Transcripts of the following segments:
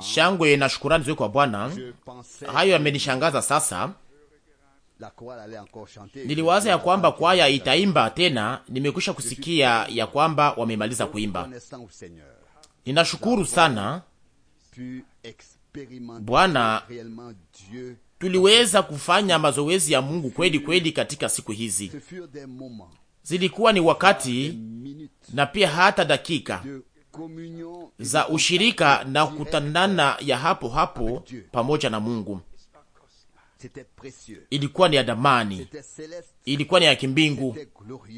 Shangwe na shukurani ziwe kwa Bwana. Hayo yamenishangaza sasa. Niliwaza ya kwamba kwaya itaimba tena, nimekwisha kusikia ya kwamba wamemaliza kuimba. Ninashukuru sana Bwana, tuliweza kufanya mazoezi ya Mungu kweli kweli katika siku hizi zilikuwa ni wakati na pia hata dakika za ushirika na kukutanana ya hapo hapo pamoja na Mungu. Ilikuwa ni ya damani, ilikuwa ni ya kimbingu,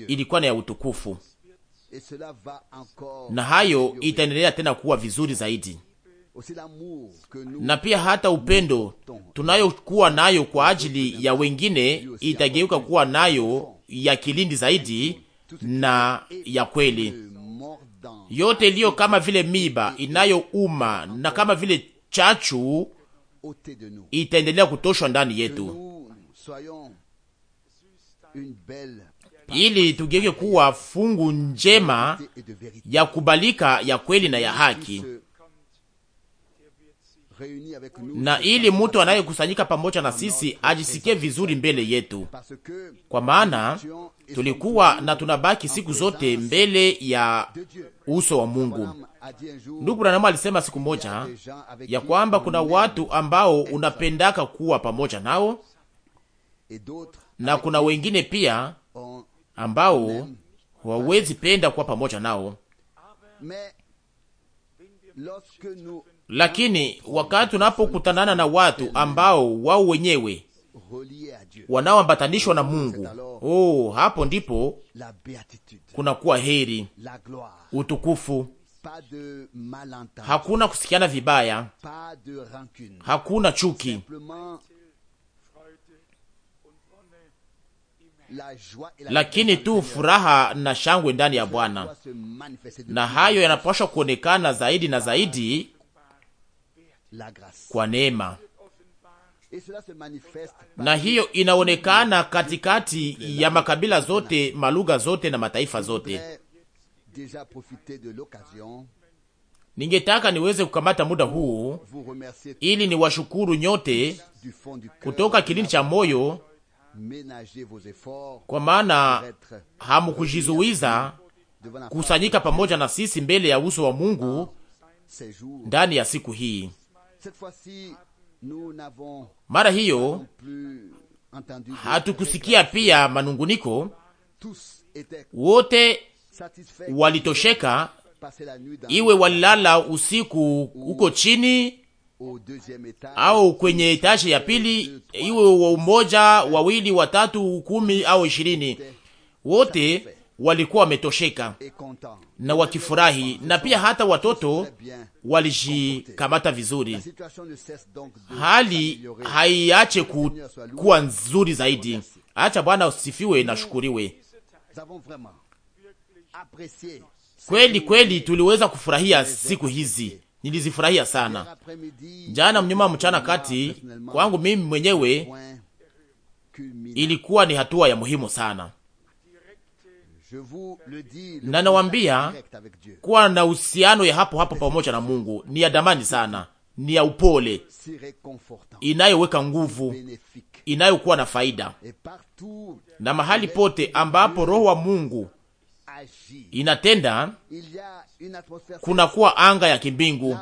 ilikuwa ni ya utukufu, na hayo itaendelea tena kuwa vizuri zaidi. Na pia hata upendo tunayokuwa nayo kwa ajili ya wengine itageuka kuwa nayo ya kilindi zaidi na ya kweli. Yote iliyo kama vile miba inayouma na kama vile chachu itaendelea kutoshwa ndani yetu, ili tugeuke kuwa fungu njema ya kubalika ya kweli na ya haki na ili mtu anayekusanyika pamoja na sisi ajisikie vizuri mbele yetu, kwa maana tulikuwa na tunabaki siku zote mbele ya uso wa Mungu. Ndugu Branamu alisema siku moja ya kwamba kuna watu ambao unapendaka kuwa pamoja nao na kuna wengine pia ambao wawezi penda kuwa pamoja nao, lakini wakati unapokutanana na watu ambao wao wenyewe wanaoambatanishwa na Mungu, oh, hapo ndipo kunakuwa heri, utukufu. Hakuna kusikiana vibaya, hakuna chuki, lakini tu furaha na shangwe ndani ya Bwana, na hayo yanapaswa kuonekana zaidi na zaidi kwa neema, na hiyo inaonekana katikati ya makabila zote, malugha zote na mataifa zote. Ningetaka niweze kukamata muda huu ili niwashukuru nyote kutoka kilindi cha moyo kwa maana hamukujizuiza kusanyika pamoja na sisi mbele ya uso wa Mungu ndani ya siku hii. Mara hiyo hatukusikia pia manunguniko, wote walitosheka, iwe walilala usiku huko chini au kwenye etaje ya pili, iwe umoja, wawili, watatu, kumi au ishirini, wote walikuwa wametosheka na wakifurahi, na pia hata watoto walijikamata vizuri. Hali haiache ku, kuwa nzuri zaidi. Acha Bwana usifiwe na shukuriwe. Kweli kweli tuliweza kufurahia siku hizi nilizifurahia sana jana mnyuma mchana kati. Kwangu mimi mwenyewe ilikuwa ni hatua ya muhimu sana, na nawambia kuwa na uhusiano ya hapo hapo pamoja na Mungu ni ya damani sana, ni ya upole inayoweka nguvu, inayokuwa na faida, na mahali pote ambapo Roho wa Mungu inatenda, kunakuwa anga ya kimbingu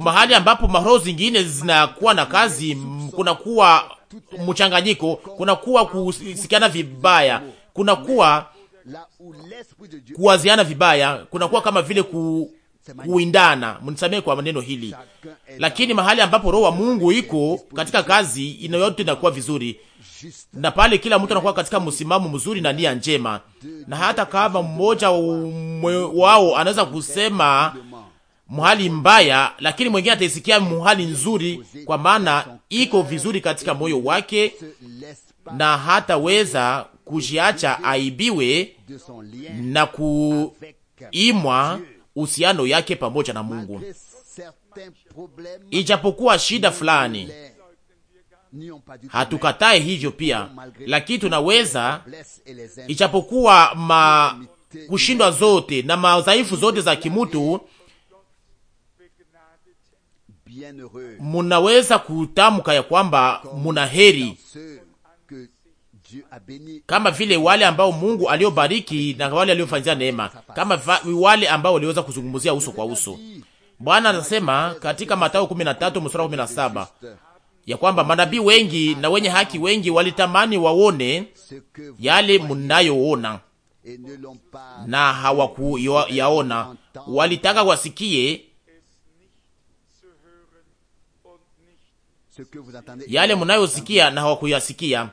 mahali ambapo maroho zingine zinakuwa na kazi, kunakuwa mchanganyiko, kunakuwa kusikiana vibaya, kunakuwa kuwaziana vibaya, kunakuwa kama vile ku kuindana. Mnisamehe kwa maneno hili, lakini mahali ambapo roho wa Mungu iko katika kazi inayote inakuwa vizuri, na pale kila mtu anakuwa katika msimamo mzuri na nia njema, na hata kama mmoja wao anaweza kusema muhali mbaya, lakini mwingine ataisikia muhali nzuri, kwa maana iko vizuri katika moyo wake na hataweza kujiacha aibiwe na kuimwa uhusiano yake pamoja na Mungu, ijapokuwa shida fulani hatukatae hivyo pia, lakini tunaweza ijapokuwa ma kushindwa zote na madhaifu zote za kimutu, munaweza kutamka ya kwamba muna heri kama vile wale ambao Mungu aliobariki na wale aliofanyia neema, kama wale ambao waliweza kuzungumzia uso kwa uso. Bwana anasema katika Mathayo 13 mstari 17 ya kwamba manabii wengi na wenye haki wengi walitamani waone yale mnayoona na hawakuyaona, walitaka wasikie yale mnayosikia na hawakuyasikia.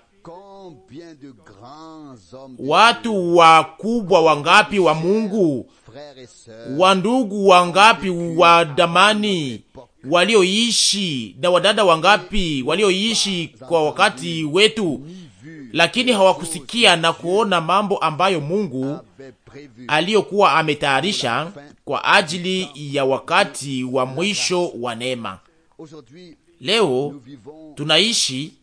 Watu wakubwa wangapi wa Mungu, wandugu wangapi wa damani walioishi na wadada wangapi walioishi kwa wakati wetu, lakini hawakusikia na kuona mambo ambayo Mungu aliyokuwa ametayarisha kwa ajili ya wakati wa mwisho wa neema. Leo tunaishi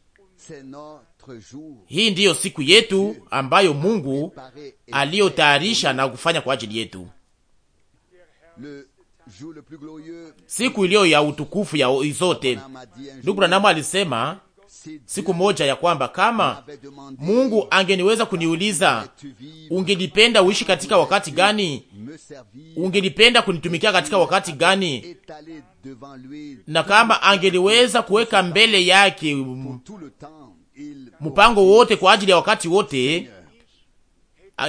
hii ndiyo siku yetu ambayo Mungu aliyotayarisha na kufanya kwa ajili yetu, siku iliyo ya utukufu ya izote. Ndugu Branamu alisema siku moja ya kwamba kama Mungu angeniweza kuniuliza, ungelipenda uishi katika wakati gani? Ungelipenda kunitumikia katika wakati gani? Na kama angeliweza kuweka mbele yake mpango wote kwa ajili ya wakati wote.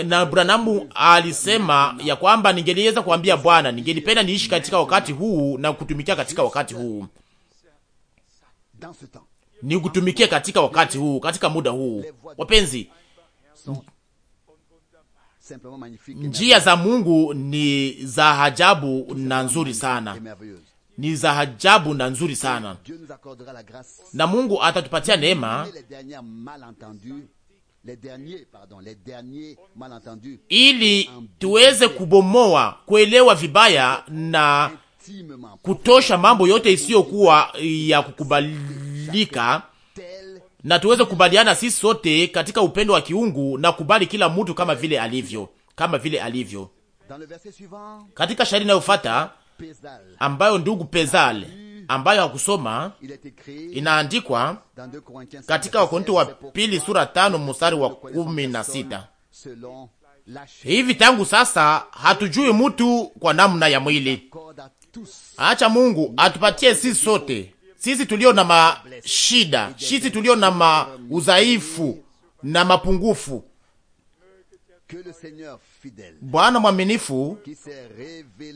Na Branamu alisema ya kwamba ningeliweza kuambia Bwana, ningelipenda niishi katika wakati huu na kutumikia katika wakati huu, ni kutumikia katika wakati huu, katika muda huu. Wapenzi, njia za Mungu ni za ajabu na nzuri sana ni za ajabu na nzuri sana, na Mungu atatupatia neema ili tuweze kubomoa kuelewa vibaya na kutosha mambo yote isiyokuwa ya kukubalika, na tuweze kukubaliana sisi sote katika upendo wa kiungu na kubali kila mtu kama vile alivyo, kama vile alivyo. Katika shairi inayofuata ambayo ndugu Pezal ambayo hakusoma inaandikwa katika Wakorinto wa pili sura tano mstari wa kumi na sita hivi tangu sasa hatujui mutu kwa namna ya mwili. Acha Mungu atupatie sisi sote, sisi tulio na mashida, sisi tulio na maudhaifu na mapungufu Bwana mwaminifu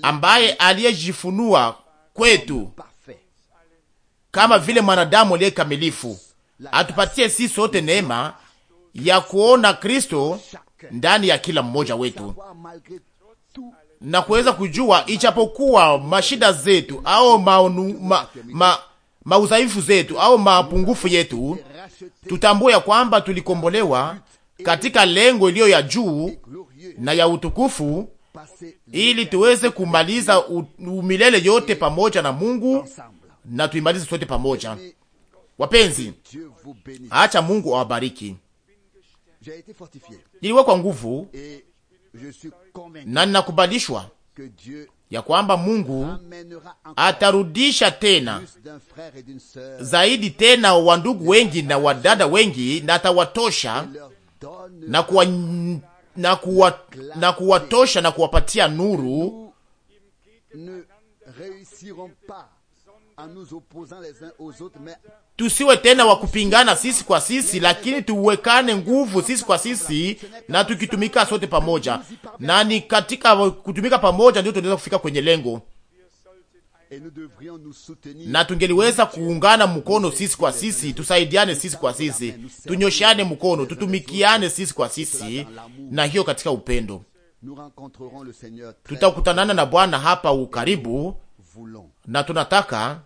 ambaye aliyejifunua kwetu kama vile mwanadamu aliye kamilifu, atupatie si sote neema ya kuona Kristo ndani ya kila mmoja wetu na kuweza kujua ichapokuwa mashida zetu au maunu, ma, ma, mauzaifu zetu au mapungufu yetu, tutambue ya kwamba tulikombolewa katika lengo iliyo ya juu na ya utukufu, ili tuweze kumaliza umilele yote pamoja na Mungu na tuimalize sote pamoja. Wapenzi, acha Mungu awabariki. Niliwekwa kwa nguvu na ninakubalishwa ya kwamba Mungu atarudisha tena zaidi tena wandugu wengi na wadada wengi, na atawatosha na kuwa na kuwa, na kuwatosha na kuwapatia nuru tusiwe tena wa kupingana sisi kwa sisi, lakini tuwekane nguvu sisi kwa sisi, na tukitumika sote pamoja, na ni katika kutumika pamoja ndio tunaweza kufika kwenye lengo na tungeliweza kuungana mkono sisi kwa sisi, tusaidiane sisi kwa sisi, tunyosheane mkono, tutumikiane sisi kwa sisi, na hiyo katika upendo tutakutanana na Bwana hapa ukaribu, na tunataka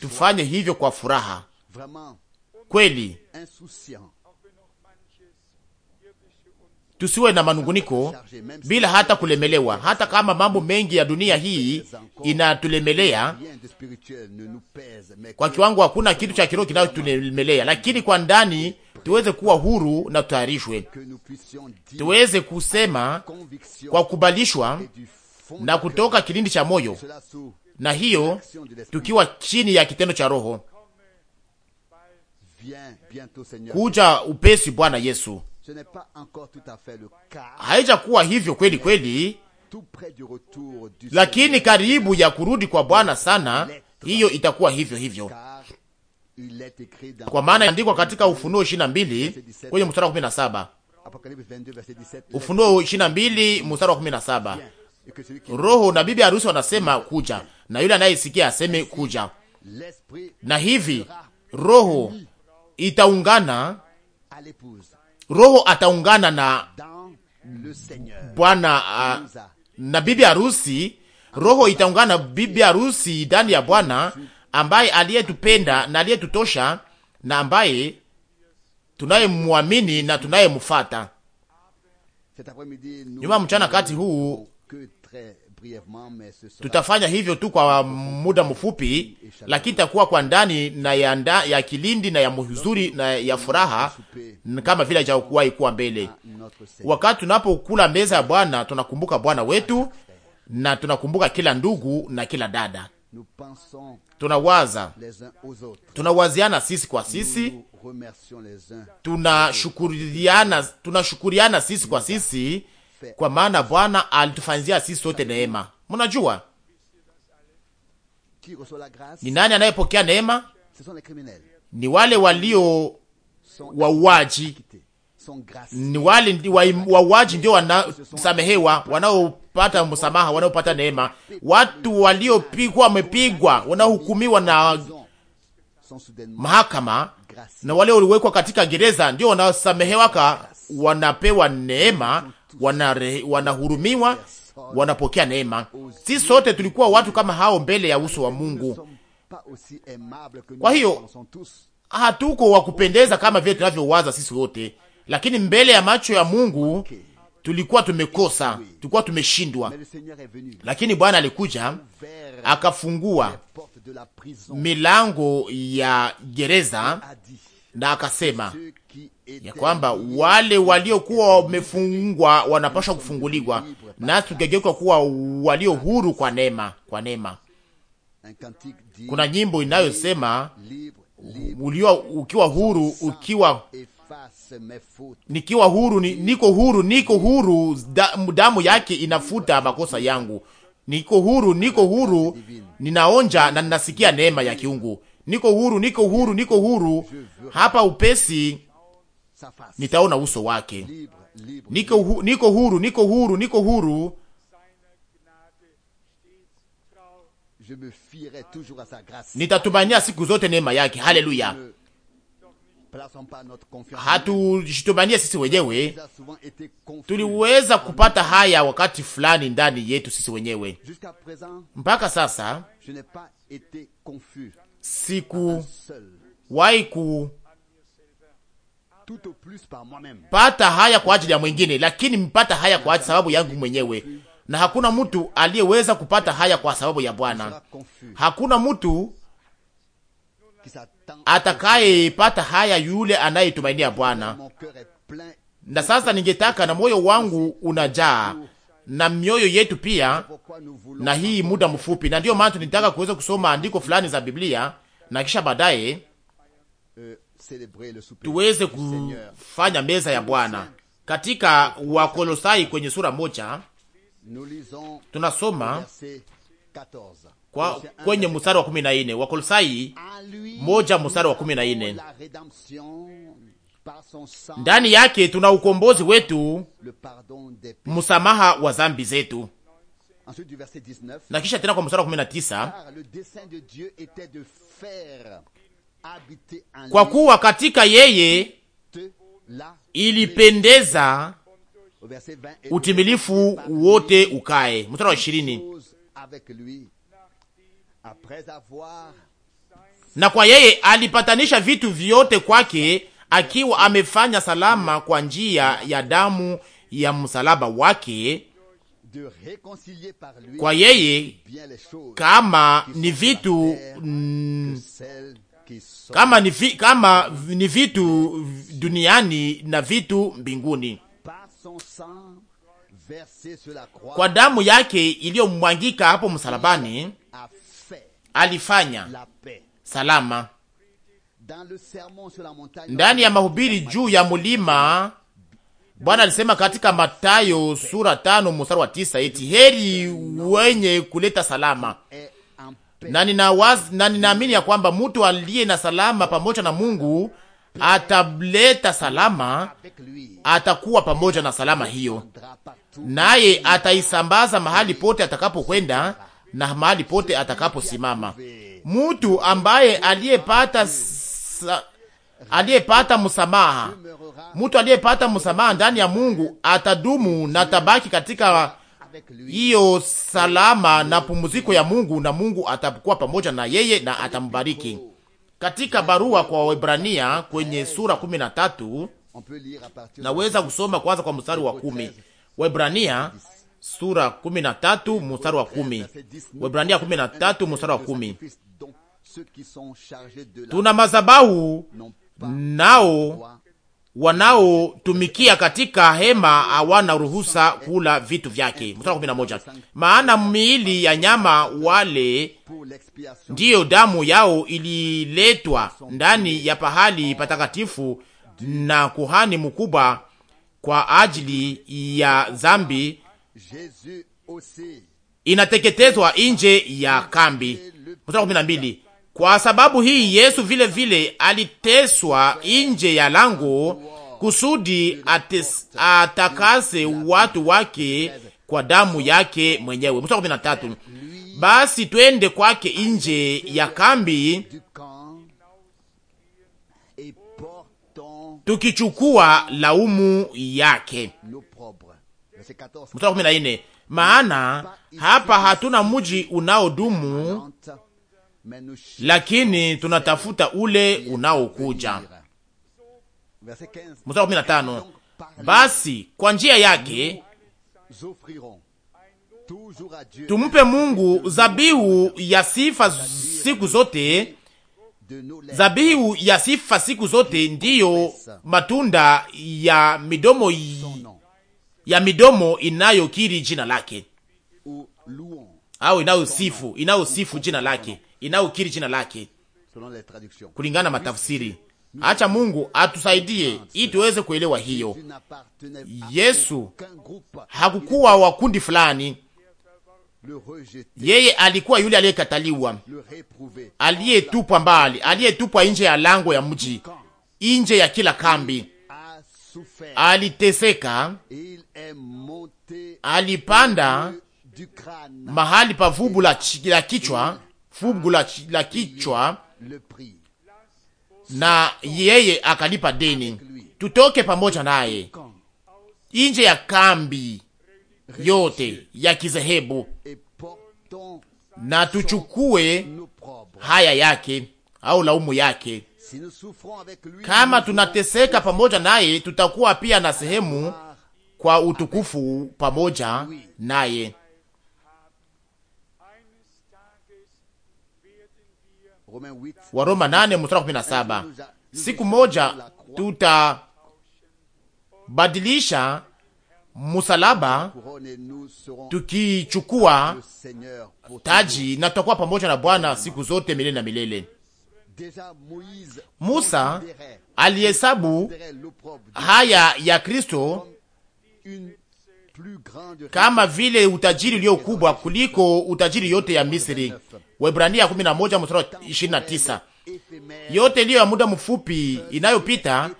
tufanye hivyo kwa furaha kweli tusiwe na manunguniko bila hata kulemelewa, hata kama mambo mengi ya dunia hii inatulemelea kwa kiwango, hakuna kitu cha kiroho kinachotulemelea, lakini kwa ndani tuweze kuwa huru na tutayarishwe, tuweze kusema kwa kubalishwa na kutoka kilindi cha moyo, na hiyo tukiwa chini ya kitendo cha Roho. Kuja upesi Bwana Yesu haijakuwa hivyo kweli kweli, lakini karibu ya kurudi kwa Bwana sana, hiyo itakuwa hivyo hivyo, kwa maana andikwa katika Ufunuo 22 kwenye mstari wa 17 Ufunuo 22 mstari wa 17, Roho na bibi harusi wanasema kuja, na yule anayesikia aseme kuja. Na hivi Roho itaungana roho ataungana na bwana ah, na bibi harusi. Roho itaungana na bibi harusi ndani ya Bwana ambaye aliyetupenda na aliyetutosha na ambaye tunayemwamini na tunayemfuata. Nyuma mchana kati huu tutafanya hivyo tu kwa muda mfupi, lakini takuwa kwa ndani na ya, nda, ya kilindi na ya mhuzuri na ya furaha, kama vile haijakuwahi kuwa mbele. Wakati tunapokula meza ya Bwana tunakumbuka Bwana wetu na tunakumbuka kila ndugu na kila dada, tunawaza tunawaziana sisi kwa sisi, tunashukuriana tunashukuriana sisi kwa sisi kwa maana Bwana alitufanyizia sisi sote neema. Mnajua ni nani anayepokea neema? Ni wale walio wauaji, ni wale wauaji ndio wanasamehewa, wanaopata msamaha, wanaopata neema. Watu waliopigwa, wamepigwa, wanahukumiwa na mahakama na wale waliwekwa katika gereza ndio wanasamehewaka, wanapewa neema wanare, wanahurumiwa, wanapokea neema. Si sote tulikuwa watu kama hao mbele ya uso wa Mungu? Kwa hiyo hatuko wa kupendeza kama vile tunavyowaza sisi wote, lakini mbele ya macho ya Mungu tulikuwa tumekosa, tulikuwa tumeshindwa, lakini Bwana alikuja akafungua milango ya gereza na akasema, ya kwamba wale waliokuwa wamefungwa wanapaswa kufunguliwa, na tugegeuka kuwa walio huru kwa neema, kwa neema. Kuna nyimbo inayosema uliwa, ukiwa huru, ukiwa nikiwa huru ni, niko huru, niko huru da, damu yake inafuta makosa yangu. Niko huru, niko huru, ninaonja na ninasikia neema ya kiungu. Niko huru, niko huru, niko huru hapa upesi nitaona uso wake. Niko huru, niko huru, niko huru, niko huru. Nitatumania siku zote neema yake. Haleluya! Hatujitumanie sisi wenyewe, tuliweza kupata haya wakati fulani ndani yetu sisi wenyewe. Mpaka sasa sikuwahi ku pata haya kwa ajili ya mwingine, lakini mpata haya kwa sababu yangu mwenyewe, na hakuna mtu aliyeweza kupata haya kwa sababu ya Bwana. Hakuna mtu atakayepata haya yule anayetumainia Bwana. Na sasa ningetaka, na moyo wangu unajaa na mioyo yetu pia, na hii muda mfupi, na ndiyo maana tunitaka kuweza kusoma andiko fulani za Biblia na kisha baadaye euh, tuweze kufanya meza ya Bwana. Katika Wakolosai kwenye sura moja tunasoma kwa, kwenye mstari wa kumi na nne Wakolosai moja mstari wa kumi na nne ndani yake tuna ukombozi wetu, msamaha wa zambi zetu. Na kisha tena kwa mstari wa tisa kwa kuwa katika yeye ilipendeza utimilifu wote ukae. Mstari wa ishirini, na kwa yeye alipatanisha vitu vyote kwake, akiwa amefanya salama kwa njia ya damu ya msalaba wake. Kwa yeye kama ni vitu mm, kama ni, vi, kama ni vitu duniani na vitu mbinguni. Kwa damu yake iliyomwangika hapo msalabani alifanya salama. Ndani ya mahubiri juu ya mulima Bwana alisema katika Matayo sura tano mstari wa tisa eti heri wenye kuleta salama, eh, na ninawazi na ninaamini ya kwamba mtu aliye na salama pamoja na Mungu ataleta salama, atakuwa pamoja na salama hiyo, naye ataisambaza mahali pote atakapokwenda na mahali pote atakaposimama. Mtu ambaye aliyepata aliyepata msamaha, mtu aliyepata msamaha ndani ya Mungu atadumu na tabaki katika hiyo salama na pumziko ya Mungu, na Mungu atakuwa pamoja na yeye na atambariki. Katika barua kwa Waebrania kwenye sura 13 naweza kusoma kwanza kwa mstari wa kumi. Waebrania sura 13 mstari wa kumi. Waebrania 13 mstari wa kumi. Tuna mazabahu nao wanaotumikia katika hema hawana ruhusa kula vitu vyake. Mstari kumi na moja. Maana miili ya nyama wale ndiyo damu yao ililetwa ndani ya pahali patakatifu na kuhani mkubwa kwa ajili ya zambi inateketezwa nje ya kambi. Mstari kumi na mbili. Kwa sababu hii Yesu vile vile aliteswa nje ya lango kusudi ates, atakase watu wake kwa damu yake mwenyewe. Mstari kumi na tatu, basi twende kwake nje ya kambi tukichukua laumu yake. Mstari kumi na nne, maana hapa hatuna muji unaodumu lakini tunatafuta ule unaokuja. Mstari kumi na tano, basi kwa njia yake tumpe Mungu zabihu ya sifa siku zote, zabihu ya sifa siku zote, ndiyo matunda ya midomo ya midomo inayokiri jina lake au inayosifu inayosifu jina lake inayokiri jina lake kulingana na matafsiri. Acha Mungu atusaidie ili tuweze kuelewa hiyo. Yesu hakukuwa wa kundi fulani, yeye alikuwa yule aliyekataliwa, aliyetupwa mbali, aliyetupwa nje ya lango ya mji, nje ya kila kambi. Aliteseka, alipanda mahali pa vubu la kichwa fungu la, la kichwa na yeye akalipa deni. Tutoke pamoja naye nje ya kambi yote ya kizehebu na tuchukue haya yake au laumu yake. Kama tunateseka pamoja naye, tutakuwa pia na sehemu ah, kwa utukufu pamoja naye. Roma 8 mstari kumi Siku moja tutabadilisha musalaba tukichukua taji na tutakuwa pamoja na Bwana siku zote milele na milele. Musa alihesabu haya ya Kristo kama vile utajiri uliokubwa kuliko utajiri yote ya Misri, Waebrania 11 mstari 29. Yote iliyo ya muda mfupi inayopita,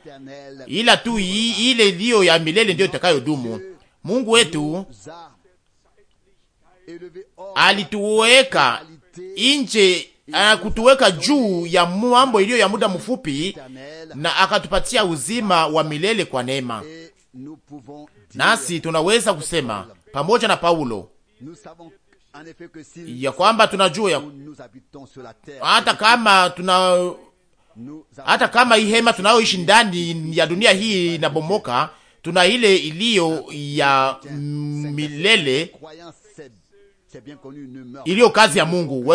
ila tu ile iliyo ya milele ndiyo itakayodumu. Mungu wetu alituweka nje eh, kutuweka juu ya mambo iliyo ya muda mfupi na akatupatia uzima wa milele kwa neema. Nasi tunaweza kusema pamoja na Paulo ya kwamba tunajua ya hata kama tuna hata kama hii hema tunayoishi ndani ya dunia hii inabomoka, tuna ile iliyo ya milele iliyo kazi ya Mungu.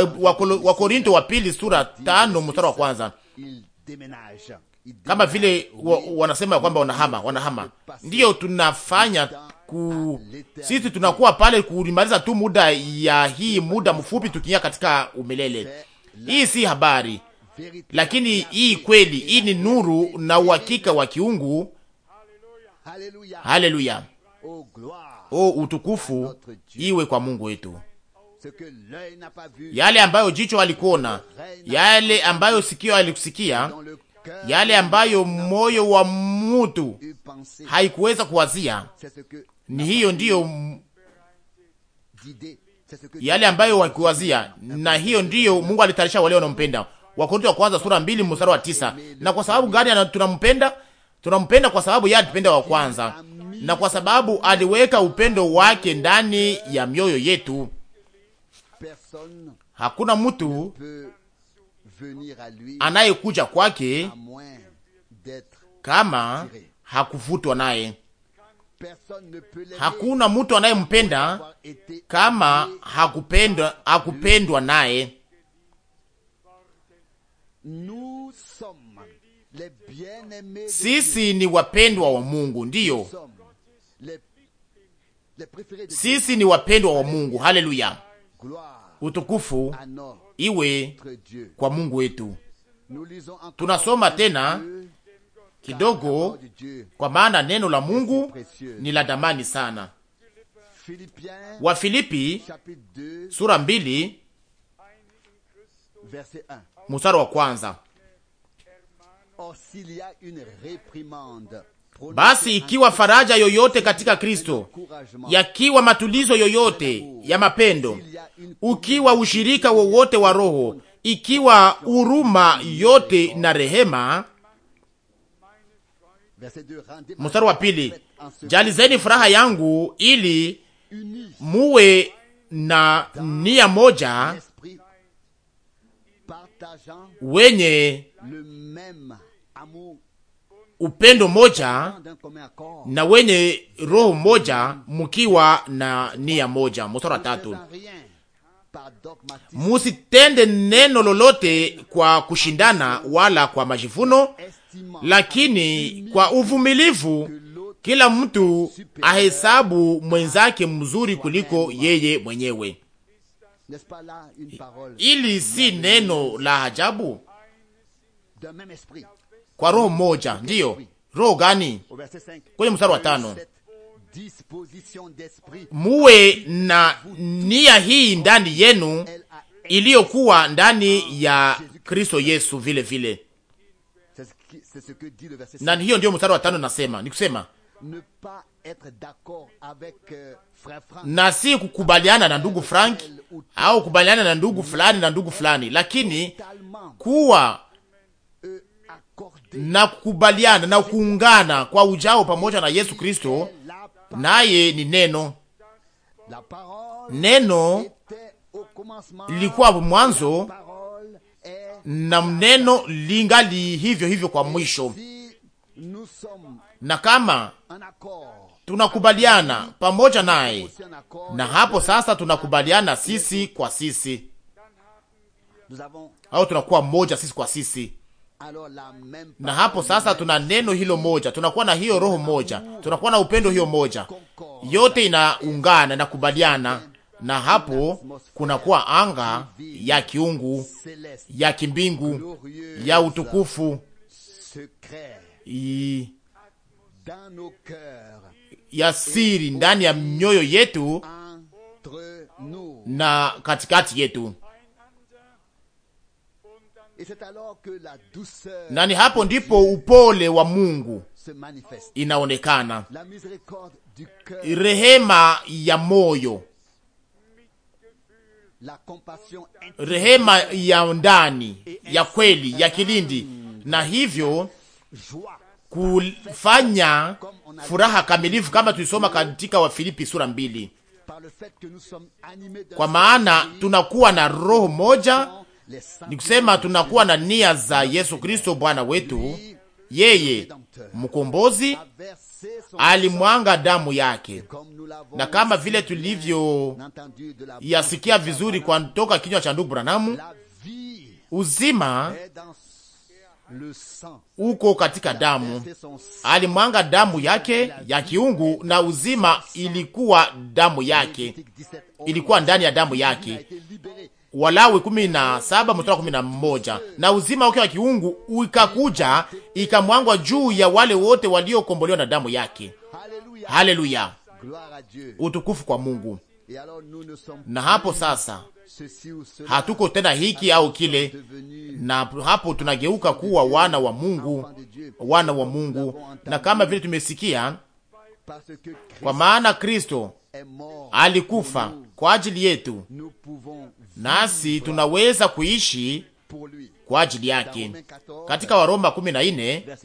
Wakorinto wa pili sura tano mstari wa kwanza kama vile wanasema ya kwamba wanahama, wanahama. Ndiyo tunafanya ku sisi tunakuwa pale kulimaliza tu muda ya hii muda mfupi, tukiingia katika umilele. Hii si habari, lakini hii kweli, hii ni nuru na uhakika wa kiungu. Haleluya! Oh, o utukufu iwe kwa Mungu wetu. Yale ambayo jicho alikuona, yale ambayo sikio alikusikia, yale ambayo moyo wa mutu haikuweza kuwazia, ni hiyo ndiyo yale ambayo wakiwazia, na hiyo ndiyo Mungu alitarisha wale wanaompenda. Wakorintho wa kwanza sura mbili mstari wa tisa. Na kwa sababu gani tunampenda? Tunampenda kwa sababu yeye alitupenda wa kwanza, na kwa sababu aliweka upendo wake ndani ya mioyo yetu. Hakuna mtu anayekuja kwake kama hakuvutwa naye. Hakuna mtu anayempenda kama hakupendwa, hakupendwa naye. Sisi ni wapendwa wa Mungu, ndiyo, sisi ni wapendwa wa Mungu. Haleluya, utukufu iwe kwa Mungu wetu. Tunasoma tena kidogo, kwa maana neno la Mungu ni la damani sana. Wa Filipi sura mbili mstari wa kwanza. Basi ikiwa faraja yoyote katika Kristo, yakiwa matulizo yoyote ya mapendo, ukiwa ushirika wowote wa Roho, ikiwa huruma yote na rehema, mstari wa pili, jalizeni furaha yangu ili muwe na nia moja wenye upendo moja na wenye roho moja mukiwa na nia moja. Mstari wa tatu, musitende neno lolote kwa kushindana wala kwa majivuno, lakini kwa uvumilivu kila mtu ahesabu mwenzake mzuri kuliko yeye mwenyewe. Ili si neno la ajabu? Kwa roho moja, ndiyo. Roho gani? Kwenye mstari wa tano, muwe na nia hii ndani yenu iliyokuwa ndani ya Kristo Yesu vile vile na hiyo ndio mstari wa tano nasema ni kusema euh, na si kukubaliana na ndugu Frank au kukubaliana na ndugu fulani na ndugu fulani, lakini kuwa e na kukubaliana na kuungana kwa ujao pamoja na Yesu Kristo, naye ni neno. Neno lilikuwa mwanzo na mneno lingali hivyo hivyo kwa mwisho. Na kama tunakubaliana pamoja naye, na hapo sasa tunakubaliana sisi kwa sisi, au tunakuwa moja sisi kwa sisi na hapo sasa tuna neno hilo moja, tunakuwa na hiyo roho moja, tunakuwa na upendo hiyo moja, yote inaungana, inakubaliana na hapo kunakuwa anga ya kiungu ya kimbingu ya utukufu I... ya siri ndani ya mioyo yetu na katikati yetu, na ni hapo ndipo upole wa Mungu inaonekana, rehema ya moyo rehema ya ndani ya kweli ya kilindi, na hivyo kufanya furaha kamilifu, kama tulisoma katika Wafilipi sura mbili, kwa maana tunakuwa na roho moja, ni kusema tunakuwa na nia za Yesu Kristo Bwana wetu, yeye mkombozi alimwanga damu yake, na kama vile tulivyo yasikia vizuri kwa toka kinywa cha ndugu Branamu, uzima uko katika damu. Alimwanga damu yake ya kiungu, na uzima ilikuwa damu yake, ilikuwa ndani ya damu yake, Walawi kumi na saba mstari kumi na moja na uzima wake wa kiungu ikakuja ikamwangwa juu ya wale wote waliokombolewa na damu yake. Haleluya, utukufu kwa Mungu. Na hapo sasa hatuko tena hiki au kile, na hapo tunageuka kuwa wana wa Mungu, wana wa Mungu, na kama vile tumesikia kwa maana Kristo alikufa kwa ajili yetu, nasi tunaweza kuishi kwa ajili yake. Katika Waroma 14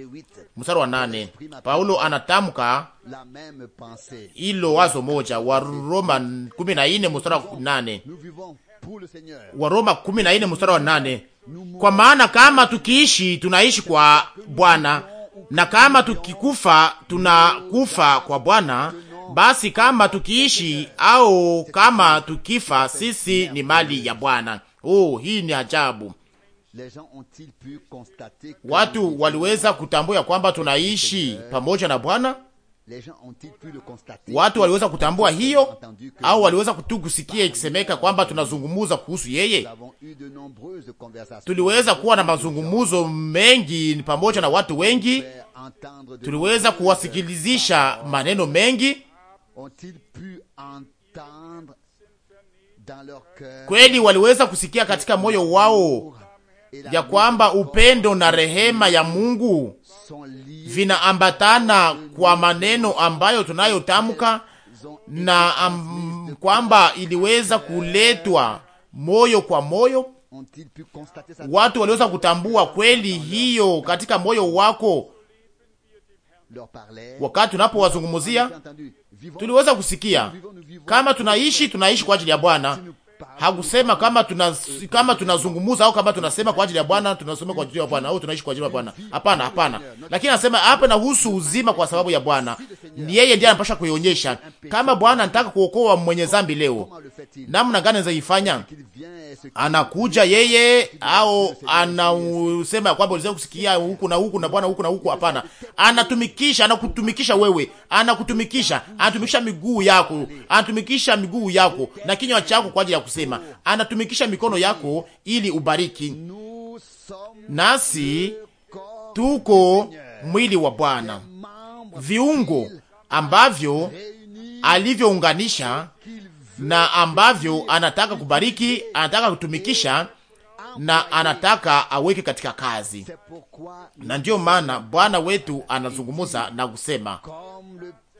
mstari wa 8, Paulo anatamka ilo wazo moja. Waroma 14 mstari wa 8, Waroma 14 mstari wa 8, kwa maana kama tukiishi tunaishi kwa Bwana na kama tukikufa tunakufa kwa Bwana, basi kama tukiishi au kama tukifa, sisi ni mali ya Bwana. Oh, hii ni ajabu! Watu waliweza kutambua kwamba tunaishi pamoja na Bwana. Watu waliweza kutambua hiyo au waliweza kutukusikia ikisemeka kwamba tunazungumuza kuhusu yeye. Tuliweza kuwa na mazungumuzo mengi pamoja na watu wengi, tuliweza kuwasikilizisha maneno mengi. Kweli waliweza kusikia katika moyo wao ya kwamba upendo na rehema ya Mungu vinaambatana kwa maneno ambayo tunayotamka na um, kwamba iliweza kuletwa moyo kwa moyo. Watu waliweza kutambua kweli hiyo katika moyo wako, wakati unapowazungumzia tuliweza kusikia kama tunaishi, tunaishi kwa ajili ya Bwana hakusema kama tuna kama tunazungumza au kama tunasema kwa ajili ya Bwana, tunasema kwa ajili ya Bwana au tunaishi kwa ajili ya Bwana. Hapana, hapana. Lakini anasema hapa nahusu uzima kwa sababu ya Bwana. Ni yeye ndiye anapasha kuionyesha. Kama Bwana anataka kuokoa mwenye dhambi leo, namna gani anaweza ifanya? anakuja yeye au anausema ya kwamba uliweza kusikia huku na huku na bwana huku na huku? Hapana, anatumikisha, anakutumikisha wewe, anakutumikisha, anatumikisha miguu yako, anatumikisha miguu yako na kinywa chako kwa ajili ya kusema, anatumikisha mikono yako ili ubariki. Nasi tuko mwili wa Bwana, viungo ambavyo alivyounganisha na ambavyo anataka kubariki, anataka kutumikisha na anataka aweke katika kazi, na ndiyo maana Bwana wetu anazungumuza na kusema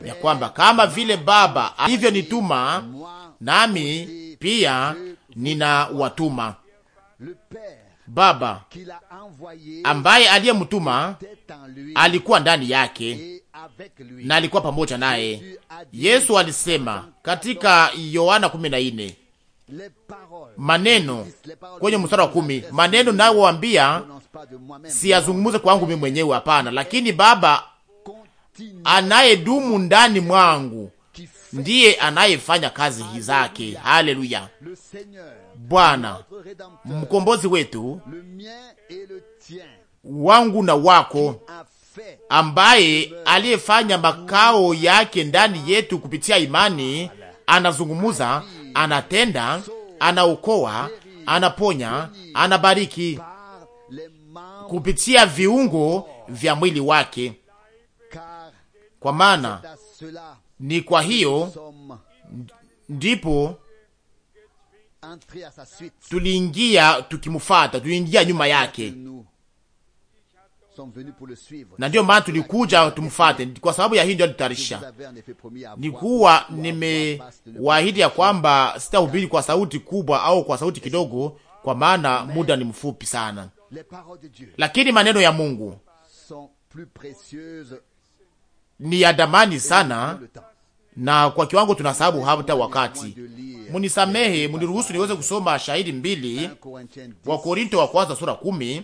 ya kwamba kama vile Baba nituma nami pia ninawatuma. Baba ambaye aliyemtuma alikuwa ndani yake na alikuwa pamoja naye. Yesu alisema katika Yohana 14 maneno kwenye mstari wa kumi, maneno nayowambia siyazungumuze kwangu mimi mwenyewe, hapana, lakini Baba anayedumu ndani mwangu ndiye anayefanya kazi zake. Haleluya! Bwana mkombozi wetu, wangu na wako, ambaye aliyefanya makao yake ndani yetu kupitia imani, anazungumuza, anatenda, anaokoa, anaponya, anabariki kupitia viungo vya mwili wake. Kwa maana ni kwa hiyo ndipo tuliingia tukimufata, tuliingia nyuma yake, na ndiyo maana tulikuja tumfate. Kwa sababu ya hii ndio alitarisha, kuwa nimewaahidi ya kwamba sitahubiri kwa sauti kubwa au kwa sauti kidogo, kwa maana muda ni mfupi sana, lakini maneno ya Mungu ni ya damani sana na kwa kiwango tunasababu hata wakati. Munisamehe, muniruhusu niweze kusoma shahidi mbili, wa Korinto wa kwanza sura kumi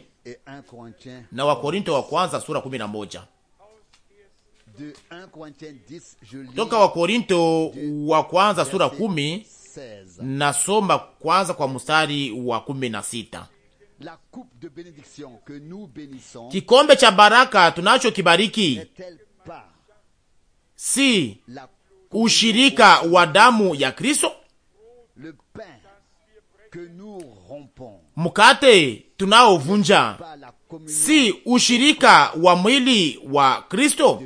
na wa Korinto wa kwanza sura kumi na moja toka wa Korinto wa kwanza sura kumi nasoma kwanza kwa mstari wa kumi na sita kikombe cha baraka tunacho kibariki si ushirika wa damu ya Kristo, mkate tunaovunja si ushirika wa mwili wa Kristo.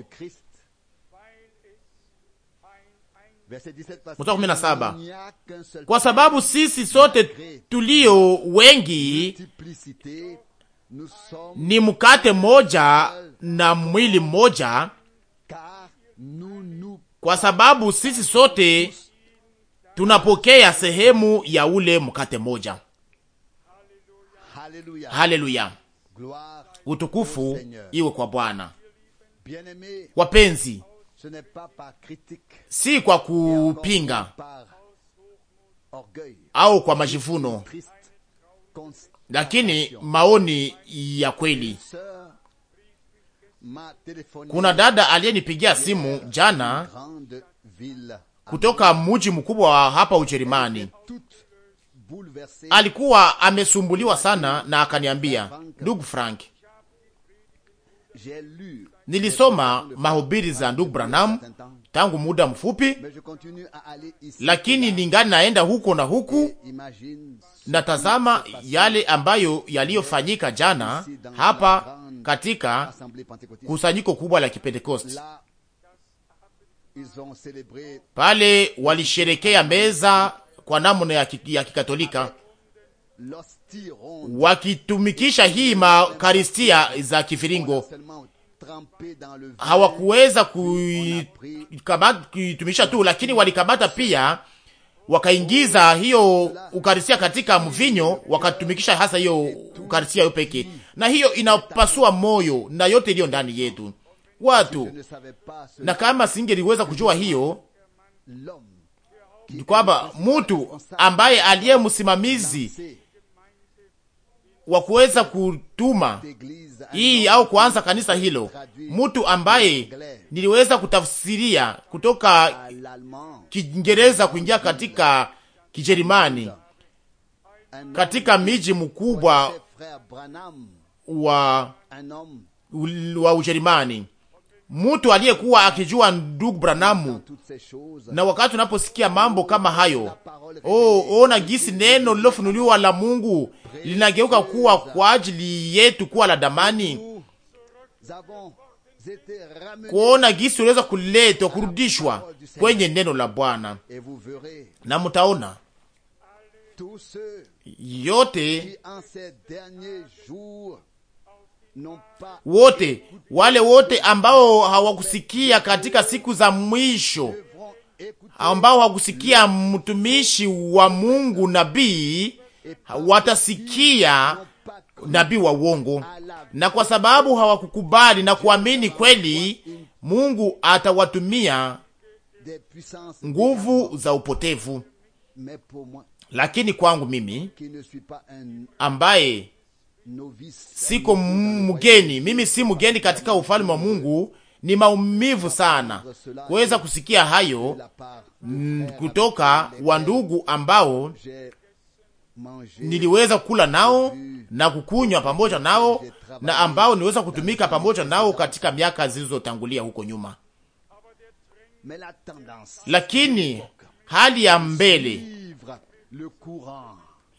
Kwa sababu sisi sote tulio wengi ni mkate moja na mwili moja kwa sababu sisi sote tunapokea sehemu ya ule mkate moja. Haleluya, utukufu iwe kwa Bwana. Wapenzi, si kwa kupinga au kwa majivuno, lakini maoni ya kweli. Kuna dada aliyenipigia simu jana kutoka muji mkubwa hapa Ujerumani. Alikuwa amesumbuliwa sana na akaniambia, ndugu Frank, nilisoma mahubiri za ndugu Branham tangu muda mfupi, lakini ningali naenda huko na huku natazama yale ambayo yaliyofanyika jana hapa katika kusanyiko kubwa la kipentekosti pale walisherekea meza kwa namna ya Kikatolika, wakitumikisha hii makaristia za kiviringo Hawakuweza kuitumikisha tu, lakini walikamata pia wakaingiza hiyo ukarisia katika mvinyo, wakatumikisha hasa hiyo ukarisia hiyo peke, na hiyo inapasua moyo na yote iliyo ndani yetu watu. Na kama singeliweza kujua hiyo kwamba mtu ambaye aliye msimamizi wa kuweza kutuma hii au kuanza kanisa hilo, mtu ambaye niliweza kutafsiria kutoka Kiingereza kuingia katika kijerimani katika miji mkubwa wa wa Ujerumani mtu aliyekuwa akijua ndugu Branamu. Na wakati unaposikia mambo kama hayo, oh, ona gisi neno lilofunuliwa la Mungu linageuka kuwa kwa ajili yetu kuwa la damani, kuona gisi uliweza kuletwa kurudishwa kwenye neno la Bwana, na mtaona yote wote wale wote ambao hawakusikia katika siku za mwisho, ambao hawakusikia mtumishi wa Mungu nabii, watasikia nabii wa uongo, na kwa sababu hawakukubali na kuamini kweli, Mungu atawatumia nguvu za upotevu. Lakini kwangu mimi ambaye siko mgeni, mimi si mgeni katika ufalme wa Mungu. Ni maumivu sana kuweza kusikia hayo kutoka wa ndugu ambao niliweza kula nao na kukunywa pamoja nao na ambao niweza kutumika pamoja nao katika miaka zilizotangulia huko nyuma, lakini hali ya mbele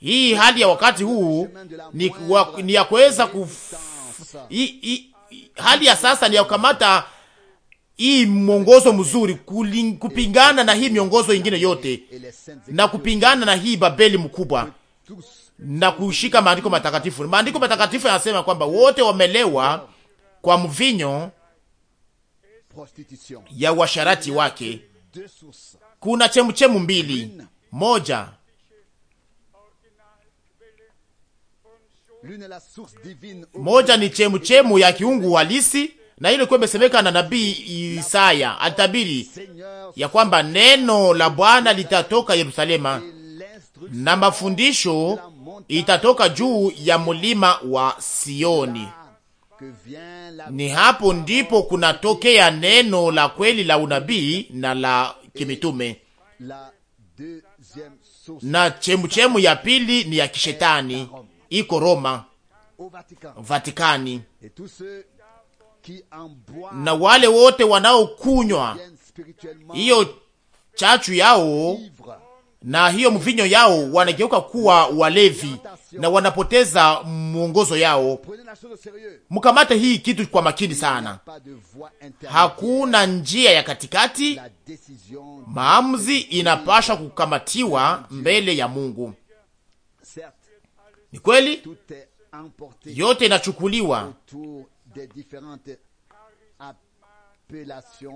hii hali ya wakati huu ni, wa, ni ya kuweza kuf... hali ya sasa ni ya kukamata hii mwongozo mzuri kuling, kupingana na hii miongozo ingine yote na kupingana na hii Babeli mkubwa na kushika maandiko matakatifu. Maandiko matakatifu yanasema kwamba wote wamelewa kwa mvinyo ya washarati wake. Kuna chemuchemu mbili, moja moja ni chemuchemu ya kiungu halisi, na ile ilikuwa imesemeka na nabii Isaya. Alitabiri ya kwamba neno la Bwana litatoka Yerusalema na mafundisho itatoka juu ya mulima wa Sioni. Ni hapo ndipo kunatokea neno la kweli la unabii na la kimitume. Na chemuchemu ya pili ni ya kishetani iko Roma, Vatikani, na wale wote wanaokunywa hiyo chachu yao na hiyo mvinyo yao wanageuka kuwa walevi na wanapoteza mwongozo yao. Mkamate hii kitu kwa makini sana. Hakuna njia ya katikati, maamuzi inapasha kukamatiwa mbele ya Mungu. Ni kweli yote inachukuliwa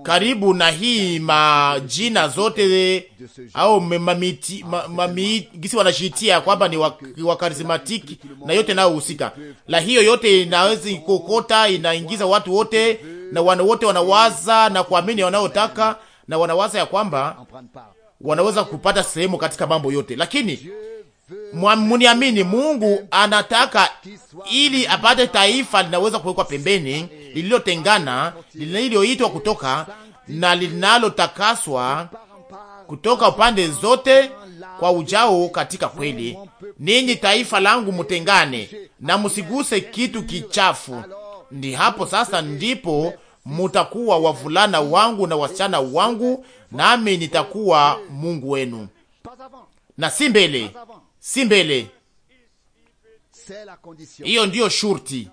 karibu na hii majina zote au ah, gisi wanashitia kwamba ni wakarismatiki na yote nayohusika la hiyo yote inawezi kokota inaingiza watu wote na wana wote wanawaza na kuamini wanayotaka na wanawaza ya kwamba wanaweza kupata sehemu katika mambo yote, lakini Muniamini, Mungu anataka ili apate taifa linaweza kuwekwa pembeni, lililotengana, lililoitwa kutoka na linalotakaswa kutoka upande zote kwa ujao katika kweli. Ninyi taifa langu, mutengane na musiguse kitu kichafu, ndi hapo sasa ndipo mutakuwa wavulana wangu na wasichana wangu, nami nitakuwa Mungu wenu na si mbele si mbele. Hiyo ndiyo shurti.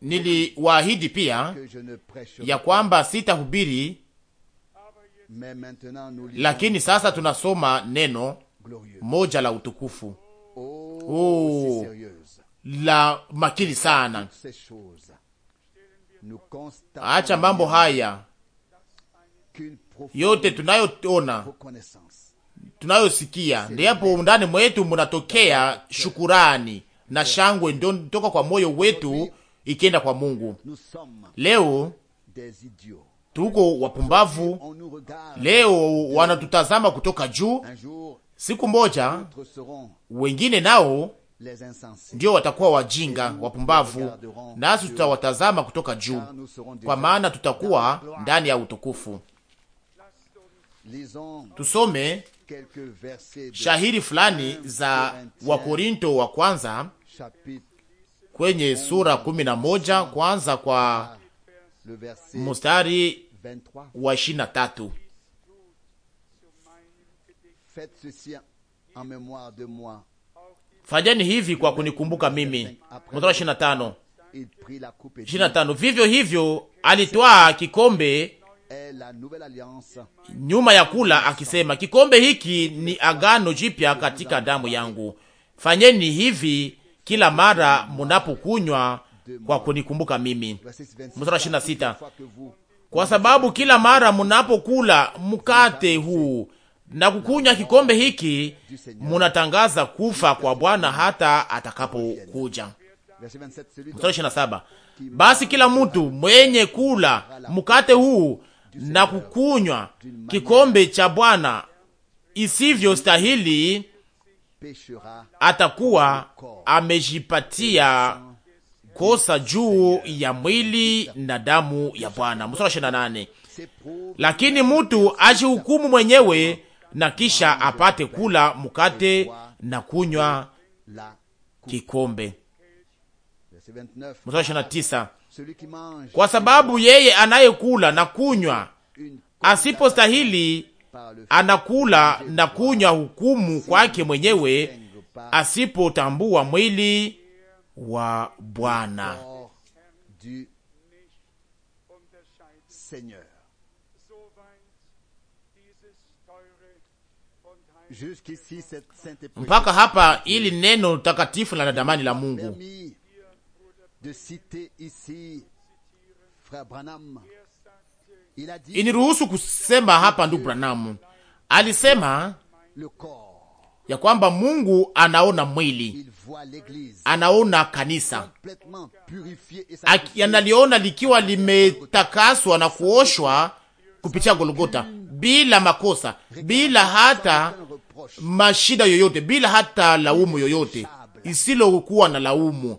Niliwaahidi pia ya kwamba sitahubiri, lakini sasa tunasoma neno moja la utukufu oh, oh la makini sana. Acha mambo haya yote tunayoona tunayosikia ndipo ndani mwetu munatokea shukurani na shangwe ndio toka kwa moyo wetu ikienda kwa Mungu. Leo tuko wapumbavu, leo wanatutazama kutoka juu. Siku moja wengine nao ndio watakuwa wajinga wapumbavu, nasi tutawatazama kutoka juu, kwa maana tutakuwa ndani ya utukufu. Tusome shahiri fulani za Wakorinto wa kwanza kwenye sura kumi na moja kwanza kwa mustari wa ishirini na tatu fanyeni hivi kwa kunikumbuka mimi. Mstari wa ishirini na tano, ishirini na tano. Vivyo hivyo alitwaa kikombe nyuma ya kula akisema, kikombe hiki ni agano jipya katika damu yangu, fanyeni hivi kila mara munapokunywa kwa kunikumbuka mimi. Mstari ishirini na sita kwa sababu kila mara munapokula mkate huu na kukunywa kikombe hiki munatangaza kufa kwa Bwana hata atakapokuja. Mstari ishirini na saba basi kila mtu mwenye kula mkate huu na kukunywa kikombe cha Bwana isivyo stahili, atakuwa amejipatia kosa juu ya mwili na damu ya Bwana. Mstari ishirini na nane. Lakini mtu ajihukumu mwenyewe na kisha apate kula mkate na kunywa kikombe. Mstari ishirini na tisa kwa sababu yeye anayekula na kunywa asipostahili anakula na kunywa hukumu kwake mwenyewe, asipotambua mwili wa Bwana. Mpaka hapa ili neno takatifu la nadamani la Mungu de citer ici Frère Branham. Il a dit, iniruhusu kusema hapa, ndugu Branham alisema ya kwamba Mungu anaona mwili, anaona kanisa, analiona likiwa limetakaswa na kuoshwa kupitia Golgota, bila makosa, bila hata mashida yoyote, bila hata laumu yoyote isilokuwa na laumu